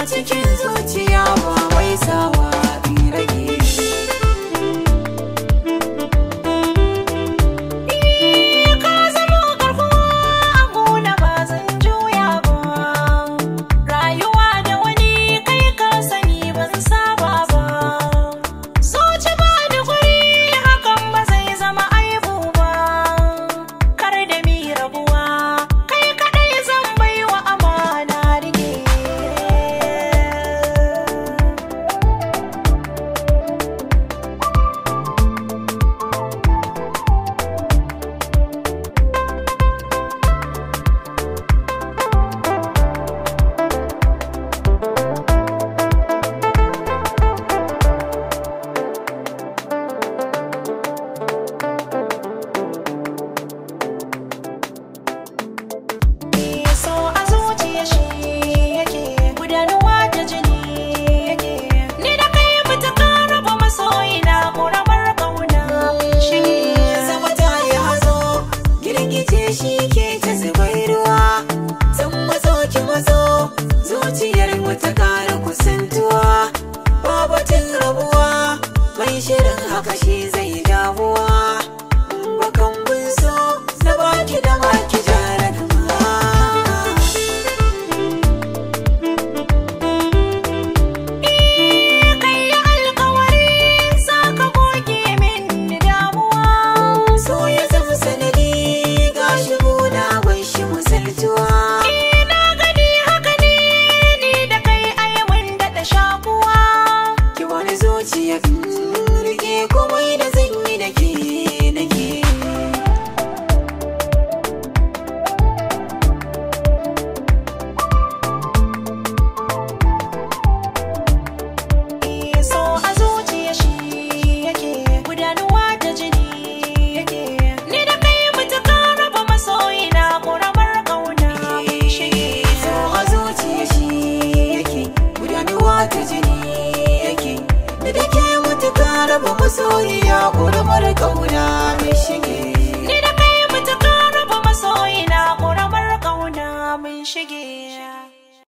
want to choose one. ce shi ke ta ruwa san maso ki zuciyar mu ta kara kusantuwa babatin rabuwa mai shirin haka shi zai путь, я raba masoyiya ƙurmar ƙauna mai shige